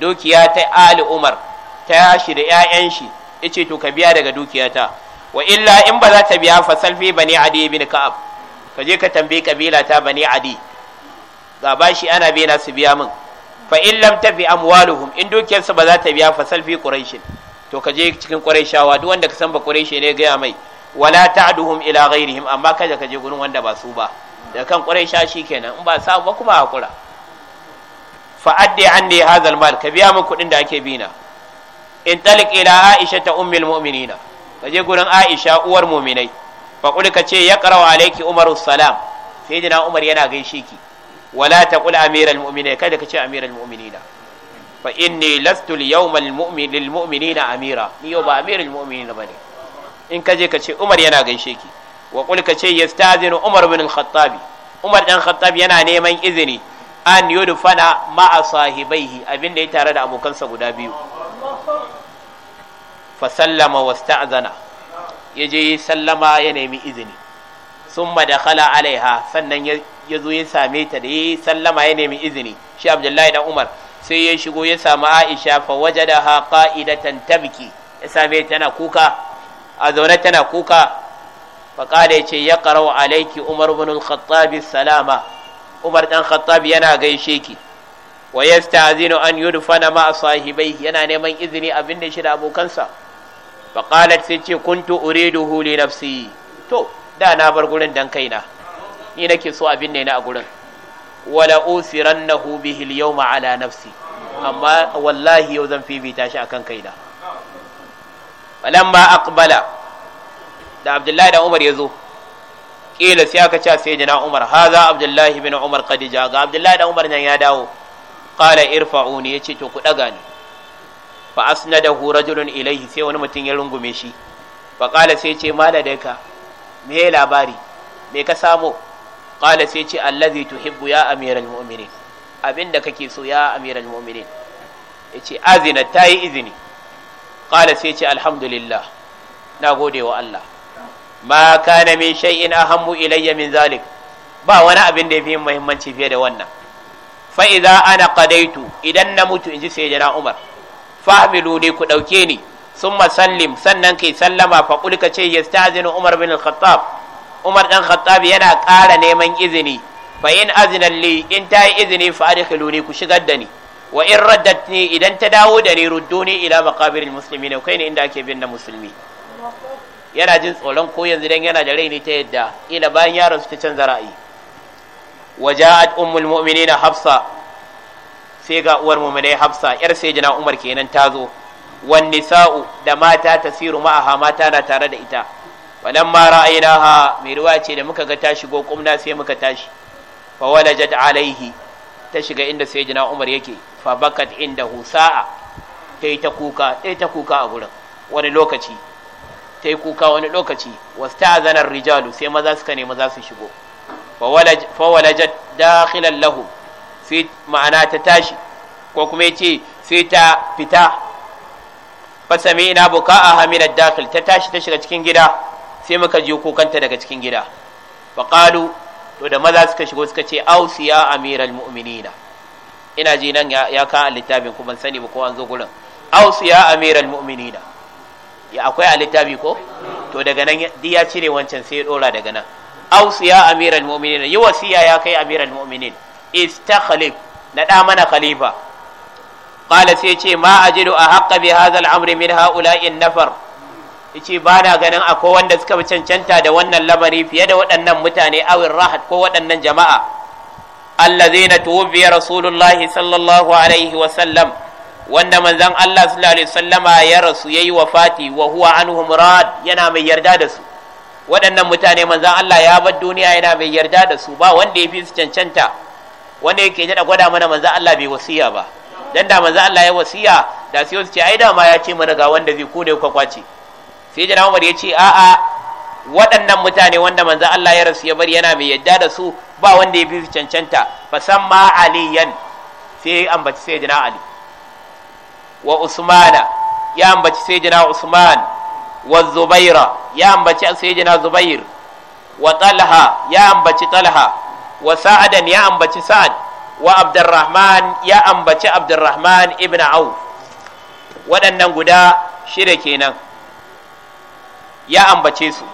dukiya ta ali umar ta yashi da 'ya'yan shi yace to ka biya daga dukiyata wa illa in ba za ta biya fa salfi bani adi ibn ka'ab ka je ka tambayi kabila ta bani adi ga bashi ana na su biya min fa in lam tafi amwaluhum in dukiyarsu ba za ta biya fa salfi quraish to ka je cikin quraishawa duk wanda ka san ba quraish ne ga mai wala ta'duhum ila ghairihim amma kada ka je gurin wanda ba su ba da kan quraisha shikenan in ba sa ba kuma hakura fa addi anni hadha almal ka biya min kuɗin da ake bina in talik ila aisha ta ummul mu'minina ka je gurin aisha uwar mu'minai fa qul ka ce ya yaqra'u alaiki umaru salam sayyidina umar yana gaishe ki wala taqul amiral mu'minina kada ka ce amiral mu'minina fa inni lastu al-yawma lil mu'minina amira ni yau ba amiral mu'minina bane in ka je ka ce umar yana gaishe ki wa qul ka ce yastazinu umar bin al-khattabi umar dan khattab yana neman izini an yudfana ma'a sahibaihi da ya tare da abokansa guda biyu fa sallama wasta'zana yaje sallama ya nemi izini summa dakhala alaiha sannan ya zo ya same ta da ya sallama ya nemi izini shi abdullahi dan umar sai ya shigo ya samu aisha fa wajadaha qa'idatan tabki ya same tana kuka a zaune tana kuka fa qala yace ya qara'u alayki umar ibn al-khattab salama Umar ɗan Khattab yana gaishe ki wa yasta'zinu an yudfana ma sahibai yana neman izini abin da shi da abokansa fa qalat sai ce kuntu uriduhu li nafsi to da na bar gurin dan kaina ni nake so abin ne na a gurin wala usirannahu bihi al-yawma ala nafsi amma wallahi yau zan fifita shi akan kaina falamma aqbala da Abdullahi da Umar ya zo kila sai aka ce sai na umar haza abdullahi bin umar khadija ga abdullahi da umar nan ya dawo qala irfa'uni yace to ku daga ni fa asnadahu rajulun ilaihi sai wani mutum ya rungume shi fa qala sai ce mala ka. me labari me ka samo qala sai ce allazi tuhibbu ya amiral mu'minin abinda kake so ya amiral mu'minin yace azina tayi izini qala sai ce alhamdulillah na gode wa Allah ma kana min shay'in ahammu ilayya min zalik ba wani abin da yafi muhimmanci fiye da wannan fa idza ana qadaitu idan na mutu inji na umar fahmilu ne ku dauke ni summa sallim sannan kai sallama fa qul ka ce yastazinu umar bin al-khattab umar dan khattab yana ƙara neman izini fa in azina li in ta yi izini fa adkhiluni ku shigar da ni wa in raddatni idan ta dawo da ni rudduni ila musulmi muslimin kai ne inda ake bin da musulmi yana jin tsoron ko yanzu dan yana da rai ne ta yadda ila bayan yaron su ta canza ra'ayi waja'at ummul mu'minin hafsa sai ga uwar mu'minai hafsa yar sayyidina umar kenan ta zo wan nisa'u da mata tasiru ma'aha mata na tare da ita walamma ra'aynaha mai ruwa ce da muka ga tashi, shigo kumna sai muka tashi fa walajat alaihi ta shiga inda sayyidina umar yake fa bakat inda Husa'a ta yi ta kuka ta kuka a gurin wani lokaci ta yi kuka wani lokaci wasta'zana rijalu sai maza suka ne maza su shigo fa walajat dakhilan lahu sai ma'ana ta tashi ko kuma ce sai ta fita fa ina buka a ad-dakhil ta tashi ta shiga cikin gida sai muka ji kukanta daga cikin gida fa to da maza suka shigo suka ce ausiya amiral mu'minina ina ji nan ya kan littafin kuma sani ba ko an zo gurin ausiya amiral mu'minina ya akwai a littafi ko to daga nan ya cire wancan sai ya dora daga nan ausu ya amiral mu'minin yi wasiya ya kai amiral mu'minin istakhlif na da mana khalifa qala sai ce ma ajidu a haqqa bi hadha al-amr min ha'ula'i nafar yace ba na ganin akwai wanda suka cancanta da wannan lamari fiye da waɗannan mutane awin rahat ko waɗannan jama'a allazina tuwfiya rasulullahi sallallahu alaihi wa sallam wanda manzan Allah sallallahu alaihi wasallama ya rasu yayi wafati wa huwa anhu murad yana mai yarda da su waɗannan mutane manzan Allah ya bar duniya yana mai yarda da su ba wanda ya fi su cancanta wanda yake da gwada mana manzan Allah bai wasiya ba dan da manzan Allah ya wasiya da sai su ce ai da ma ya ce mana ga wanda zai ko da kwace sai jana Umar ya ce a'a waɗannan mutane wanda manzan Allah ya rasu ya bar yana mai yarda da su ba wanda ya fi su cancanta fasamma aliyan sai ambaci sai jina ali wa usmana ya ambaci sayyidina usman wa zubaira ya ambaci sayyidina zubair wa talha ya ambaci talha wa sa'adan ya ambaci sa'ad wa abdurrahman ya ambaci abdurrahman ibn auf waɗannan guda shida kenan ya ambace su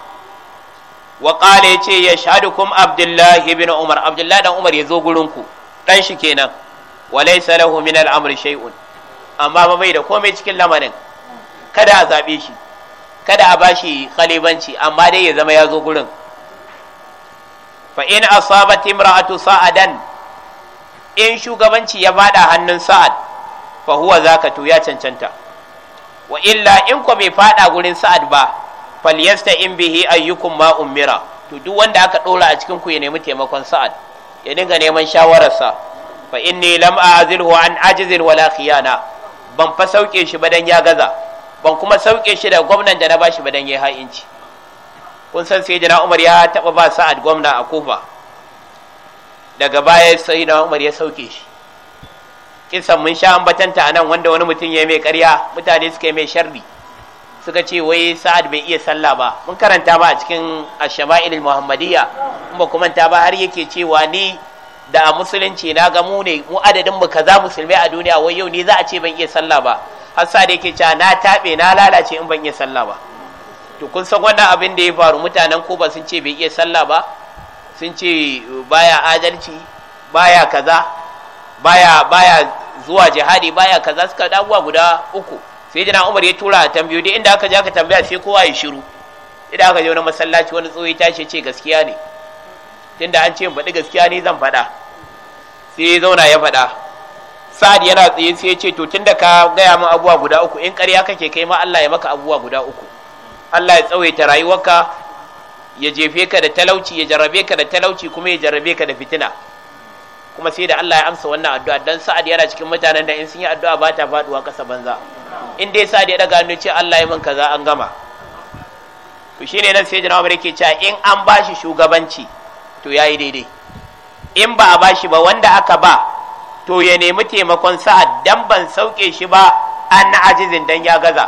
wa qala yace yashhadukum abdullah ibn umar abdullah dan umar yazo ku, dan shi kenan wa laysa lahu min al-amri shay'un amma ba bai da komai cikin lamarin kada a zaɓe shi kada a bashi khalibanci amma dai ya zama ya zo gurin fa in asabat imra'atu sa'adan in shugabanci ya bada hannun sa'ad fa huwa zakatu ya cancanta wa illa in ko bai fada gurin sa'ad ba falyasta in bihi ayyukum ma umira to duk wanda aka dora a cikin ku ya nemi taimakon sa'ad ya dinga neman shawararsa fa inni lam a'zilhu an ajzil wala khiyana ban fa sauke shi ba dan ya gaza ban kuma sauke shi da gwamnan da na ba shi ba dan ya ha'inci kun san sai jana umar ya taba ba sa'ad gwamna a kofa daga baya sai na umar ya sauke shi kisan mun sha ambatanta anan wanda wani mutum ya mai karya mutane suka yi mai sharri suka ce wai sa'ad bai iya sallah ba mun karanta ba a cikin ashama'il muhammadiyya kuma kuma ta ba har yake cewa ni da a musulunci na ga mu ne mu adadin mu kaza musulmai a duniya wai yau ne za a ce ban iya sallah ba har sa da yake cewa na tabe na lalace in ban iya sallah ba to kun san wannan abin da ya faru mutanen ko ba sun ce bai iya sallah ba sun ce uh, baya adalci baya kaza baya baya zuwa jihadi baya kaza suka da abubuwa guda uku sai jina umar ya tura tambayo duk inda aka je aka tambaya sai kowa ya shiru idan aka je wani masallaci wani tsohi tashi ce gaskiya ne tunda an ce mu faɗi gaskiya ne zan faɗa sai ya zauna ya faɗa sa'ad yana tsaye sai ya ce to tunda ka gaya min abubuwa guda uku in ƙarya kake kai ma Allah ya maka abubuwa guda uku Allah ya tsawaita rayuwarka ya jefe ka da talauci ya jarrabe ka da talauci kuma ya jarrabe ka da fitina kuma sai da Allah ya amsa wannan addu'a dan sa'ad yana cikin mutanen da in sun yi addu'a ba ta faduwa kasa banza in dai sa'ad ya daga hannu ce Allah ya min kaza an gama to shine nan sai jinawa yake cewa in an bashi shugabanci to yayi daidai in ba a ba shi ba wanda aka ba to ya nemi taimakon sa'ad dan ban sauke shi ba an na ajizin dan ya gaza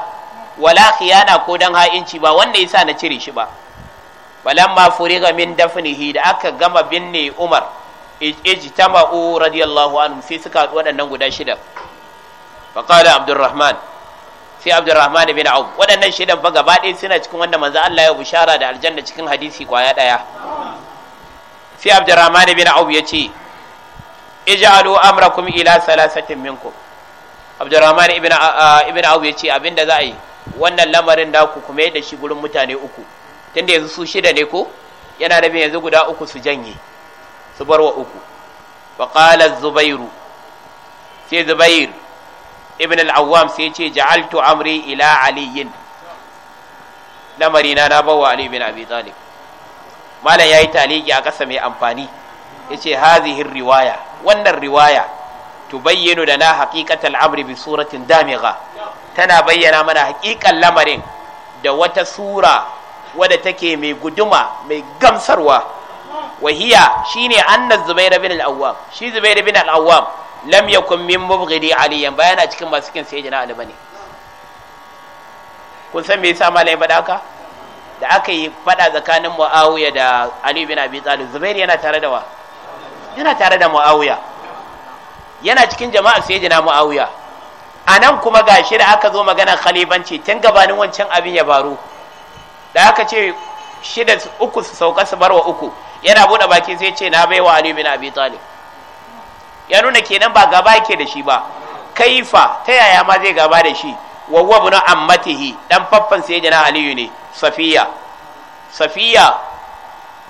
wala khiyana ko dan ha'inci ba wanda ya sa na cire shi ba falamma furiga min dafnihi da aka gama binne Umar ijtama'u radiyallahu anhu sai suka waɗannan guda shida faqala Abdurrahman sai Abdurrahman bin Auf waɗannan shidan fa gaba ɗaya suna cikin wanda manzo Allah ya bushara da aljanna cikin hadisi kwaya ɗaya sai abdurrahman bin auf ya ce ij'alu amrakum ila salasatin minkum abdurrahman ibn uh, uh, ibn auf ya ce abinda za a yi wannan lamarin da ku kuma yadda shi gurin mutane uku tunda yanzu su shida ne ko yana da yanzu guda uku su janye su bar uku wa qala zubairu sai zubair ibn al-awwam sai ce ja'altu amri ila aliyin lamari na na bawa ali ibn abi talib malam yayi taliki a kasa mai amfani yace hazihi riwaya wannan riwaya tubayyinu da na haqiqatal al'amri bi suratin damigha tana bayyana mana hakikan lamarin da wata sura wadda take mai guduma mai gamsarwa wahiya shine anna Zubairu bin al-awwam shi Zubairu bin al-awwam lam yakun min mubghidi aliyan bayana cikin masu kin sayyidina ali bane kun san me yasa malai faɗa haka da aka yi fada tsakanin muawiya da ali bin abi talib zubair yana tare da wa yana tare da muawiya yana cikin jama'a sayyidina muawiya anan kuma gashi da aka zo magana khalifanci tun gabanin wancan abin ya baro da aka ce shida uku su sauka su barwa uku yana bude baki sai ce na baiwa ali bin abi talib ya nuna kenan ba gaba yake da shi ba kaifa ta yaya ma zai gaba da shi wa huwa ammatihi dan faffan sayyidina aliyu ne safiya safiya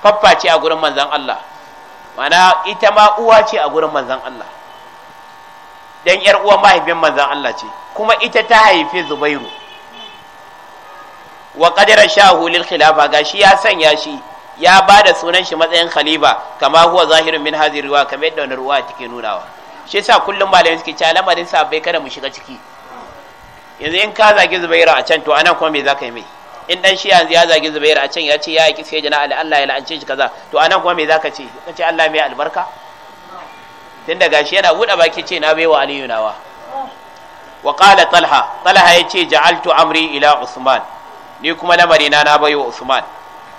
faffa ce a gurin manzan Allah mana ita ma uwa ce a gurin manzan Allah dan yar uwa mahaifin manzan Allah ce kuma ita ta haife zubairu wa qadara shahu lil khilafa gashi ya sanya shi ya ba da sunan shi matsayin khalifa kama huwa zahirin min hadhihi ruwa kamar yadda wannan ruwa take nunawa shi yasa kullum malamai suke cewa lamarin sa bai kada mu shiga ciki yanzu in ka zage Zubairu a can to anan kuma me zaka yi mai in dan shi yanzu ya zagi zubair a can ya ce ya yaki sai jana ali Allah ya la'ance shi kaza to anan kuma me zaka ce ka ce Allah mai albarka tun daga shi yana buɗe baki ce na baiwa aliyu nawa wa qala talha talha yace ja'altu amri ila usman ni kuma lamari na na baiwa usman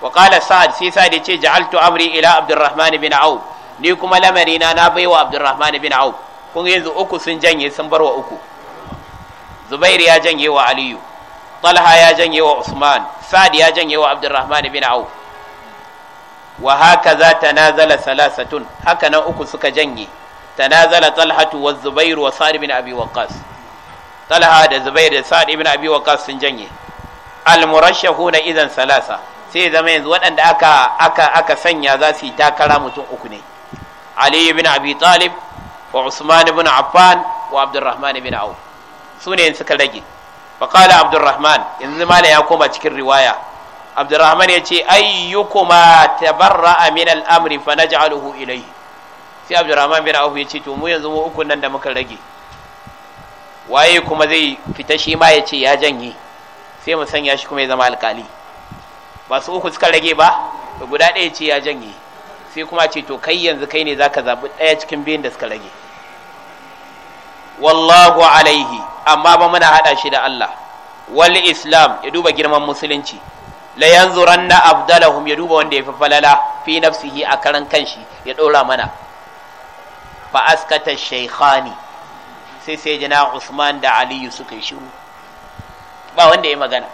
wa qala sa'ad sai sa'ad yace ja'altu amri ila abdurrahman bin au ni kuma lamari na na baiwa abdurrahman bin au kun yanzu uku sun janye sun barwa uku zubair ya janye wa aliyu talha ya janye wa usman sa'ad ya janye wa abdurrahman bin auf wa haka za tanazala tun haka nan uku suka janye tanazala talhatu wa zubair wa sa'ad bin abi talha da zubair da sa'ad bin abi sun janye al na izon salasa sai zama yanzu waɗanda aka aka aka sanya za su yi takara mutum uku ne ali bin abi talib wa usman bin affan wa abdurrahman bin auf su ne suka rage faƙala abdurrahman yanzu mala ya koma cikin riwaya abdurrahman ya ce ayyukuma tabarra min al'amri fa naj'aluhu ilai. sai abdurrahman bin auf ya ce to mu yanzu mu nan da muka rage waye kuma zai fita shi ma ya ce ya janye sai mu sanya shi kuma ya zama alkali ba su uku suka rage ba da guda ɗaya ce ya janye sai kuma ce to kai yanzu kai ne zaka zaɓi ɗaya cikin biyun da suka rage wallahu alaihi amma ba muna hada shi da Allah wal islam ya duba girman musulunci la yanzuranna abdalahum ya duba wanda ya fi falala fi nafsihi a karan kanshi ya dora mana fa askata shaykhani sai sai jana Usman da Aliyu suka yi shiru ba wanda ya magana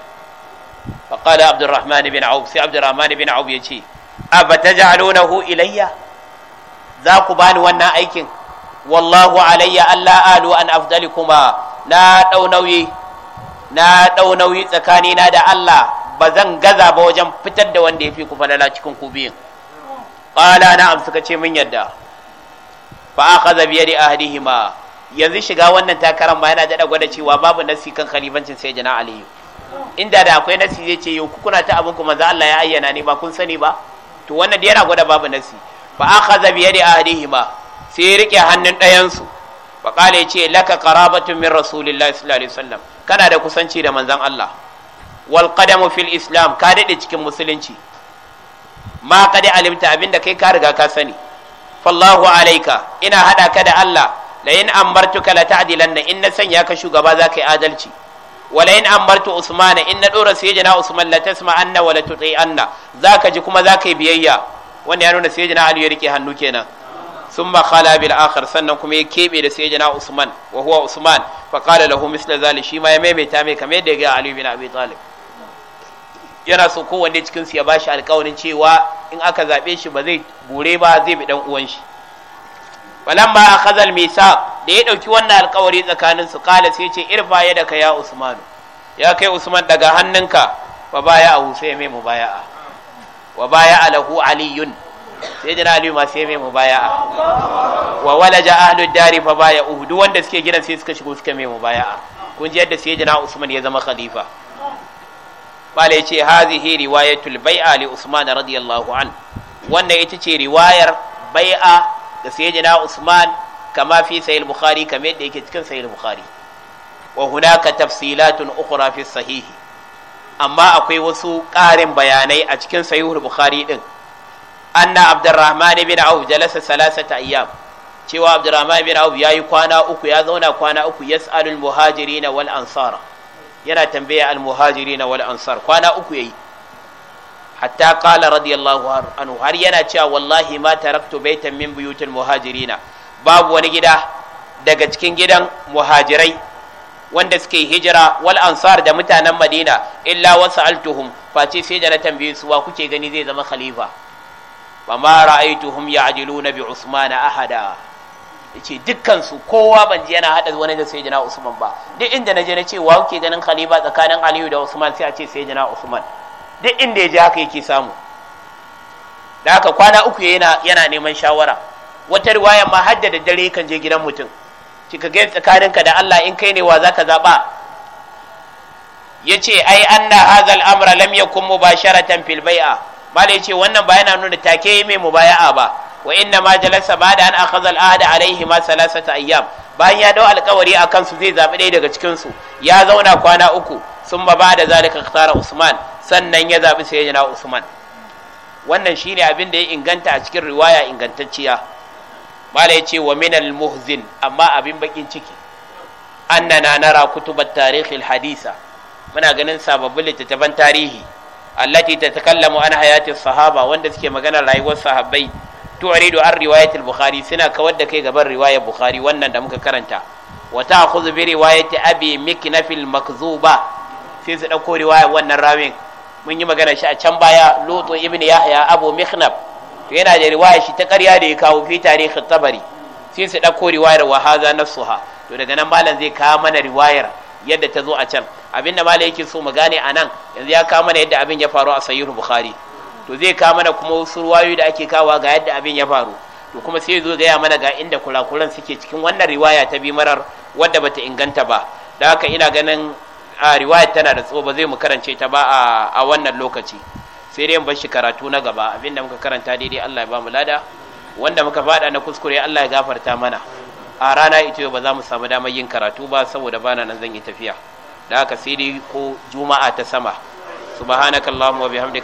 fa qala Abdurrahman bin Auf sai Abdurrahman bin Auf ya ce abatajalunahu ilayya za ku bani wannan aikin wallahu alayya Allah alu an afdalikuma na dau nauyi na dau nauyi tsakani na da Allah bazan zan gaza ba wajen fitar da wanda yafi ku falala cikin ku biyin qala na am suka ce mun yadda fa akhadha bi yadi ahlihima yanzu shiga wannan takaran ma yana da gwada cewa babu nasi kan khalifancin jana ali inda da akwai nasi zai ce yau kuna ta abin ku manzo Allah ya ayyana ne ba kun sani ba to wannan da yana gwada babu nasi fa akhadha bi yadi ahlihima sai ya rike hannun ɗayansu wa qala yace laka qarabatun min rasulillah sallallahu alaihi wasallam kana da kusanci da manzon Allah wal qadamu fil islam ka daɗe cikin musulunci ma qad alimta abinda kai ka riga ka sani fallahu alaika ina hada ka da Allah la in amartuka la ta'dilanna in na sanya ka shugaba za ka yi adalci wala in amartu usmana in na dora sayyidina usman la tasma anna wala tuti anna ka ji kuma zaka yi biyayya wannan ya nuna sayyidina ali ya rike hannu kenan thumma khala bil sannan kuma ya kebe da sayyidina Usman wa huwa Usman fa qala lahu misla zalik shi ma ya maimaita mai kamar yadda ga Ali bin Abi Talib yana so kowanne cikin su ya bashi alƙawarin cewa in aka zabe shi ba zai bure ba zai bi dan uwan shi falamma akhadha al misaq da ya dauki wannan alƙawari tsakanin su qala sai ce irfa da ya Usman ya kai Usman daga hannunka wa baya a sai mai mubaya'a wa baya lahu aliyun sai jina aliyu ma sai mai mubaya'a wa ja ahlu dari fa baya uhu duk wanda suke gidan sai suka shigo suka mai mubaya'a kun ji yadda sai jina usman ya zama khalifa Bale ce hazihi riwayatul bai'a li usman radiyallahu an wannan ita ce riwayar bai'a da sai jina usman kama fi sahih bukhari kamar yadda yake cikin sahih bukhari wa hunaka tafsilatun ukhra fi sahihi amma akwai wasu ƙarin bayanai a cikin sahih bukhari din anna abdurrahman bin auf jalasa salasata ayyam cewa abdurrahman bin auf yayi kwana uku ya zauna kwana uku yas'alul muhajirin wal ansar yana tambaya al muhajirin wal ansar kwana uku yayi hatta qala radiyallahu anhu har yana cewa wallahi ma taraktu baytan min buyutil muhajirin babu wani gida daga cikin gidan muhajirai wanda suke hijira wal ansar da mutanen madina illa wasu altuhum face sai da na tambaye su wa kuke gani zai zama khalifa ba ma ra'aituhum ya'diluna bi Usman ahada yace dukkan su kowa ban ji yana hada wani da sayyidina Usman ba duk inda naje na ce wa kuke ganin khalifa tsakanin Aliyu da Usman sai a ce sayyidina Usman duk inda yaje haka yake samu da haka kwana uku yana yana neman shawara wata riwaya ma hadda da dare kan je gidan mutum kika ga tsakaninka da Allah in kai ne wa zaka zaba yace ai anna hadha al-amra lam yakun mubasharatan fil bai'a ya ce wannan ba yana nuna take mai mubaya'a ba wa inna ma jalasa da an akhadha al alaihi ma salasata ayyam bayan ya dau alkawari a kansu zai zabi ɗaya daga cikin su ya zauna kwana uku sun ba da zalika khatara usman sannan ya zabi sayyidina usman wannan shine abin da ya inganta a cikin riwaya ingantacciya mala ce wa min al-muhzin amma abin bakin ciki annana nara kutubat tarihi al-hadisa muna ganin sababbin littattafan tarihi allati tatakallamu ana hayati sahaba wanda suke magana rayuwar sahabbai tu'ridu an riwayat al-bukhari suna kawar da kai gaban riwaya bukhari wannan da muka karanta Wata ta'khudhu bi riwayati abi miknaf al-makzuba sai su riwaya wannan rawin mun yi magana shi a can baya lutu ibn yahya abu miknaf to yana da riwaya shi ta karya da ya kawo fi ka tabari sai su dauko riwayar wahaza na suha, to daga nan malam zai kawo mana riwayar yadda ta zo a can abin da malai yake so mu gane a nan yanzu ya kawo mana yadda abin ya faru a sayyidu bukhari to zai kawo mana kuma wasu ruwayoyi da ake kawa ga yadda abin ya faru to kuma sai zo gaya mana ga inda kurakuran suke cikin wannan riwaya ta bi marar wadda bata inganta ba da haka ina ganin a riwaya tana da tsoba zai mu karance ta ba a wannan lokaci sai dai bar shi karatu na gaba abinda muka karanta daidai Allah ya ba mu lada wanda muka faɗa na kuskure Allah ya gafarta mana a rana ita ba za mu samu damar yin karatu ba saboda bana nan zan yi tafiya da haka sai dai ko juma'a ta sama subhanakallahumma wa bihamdika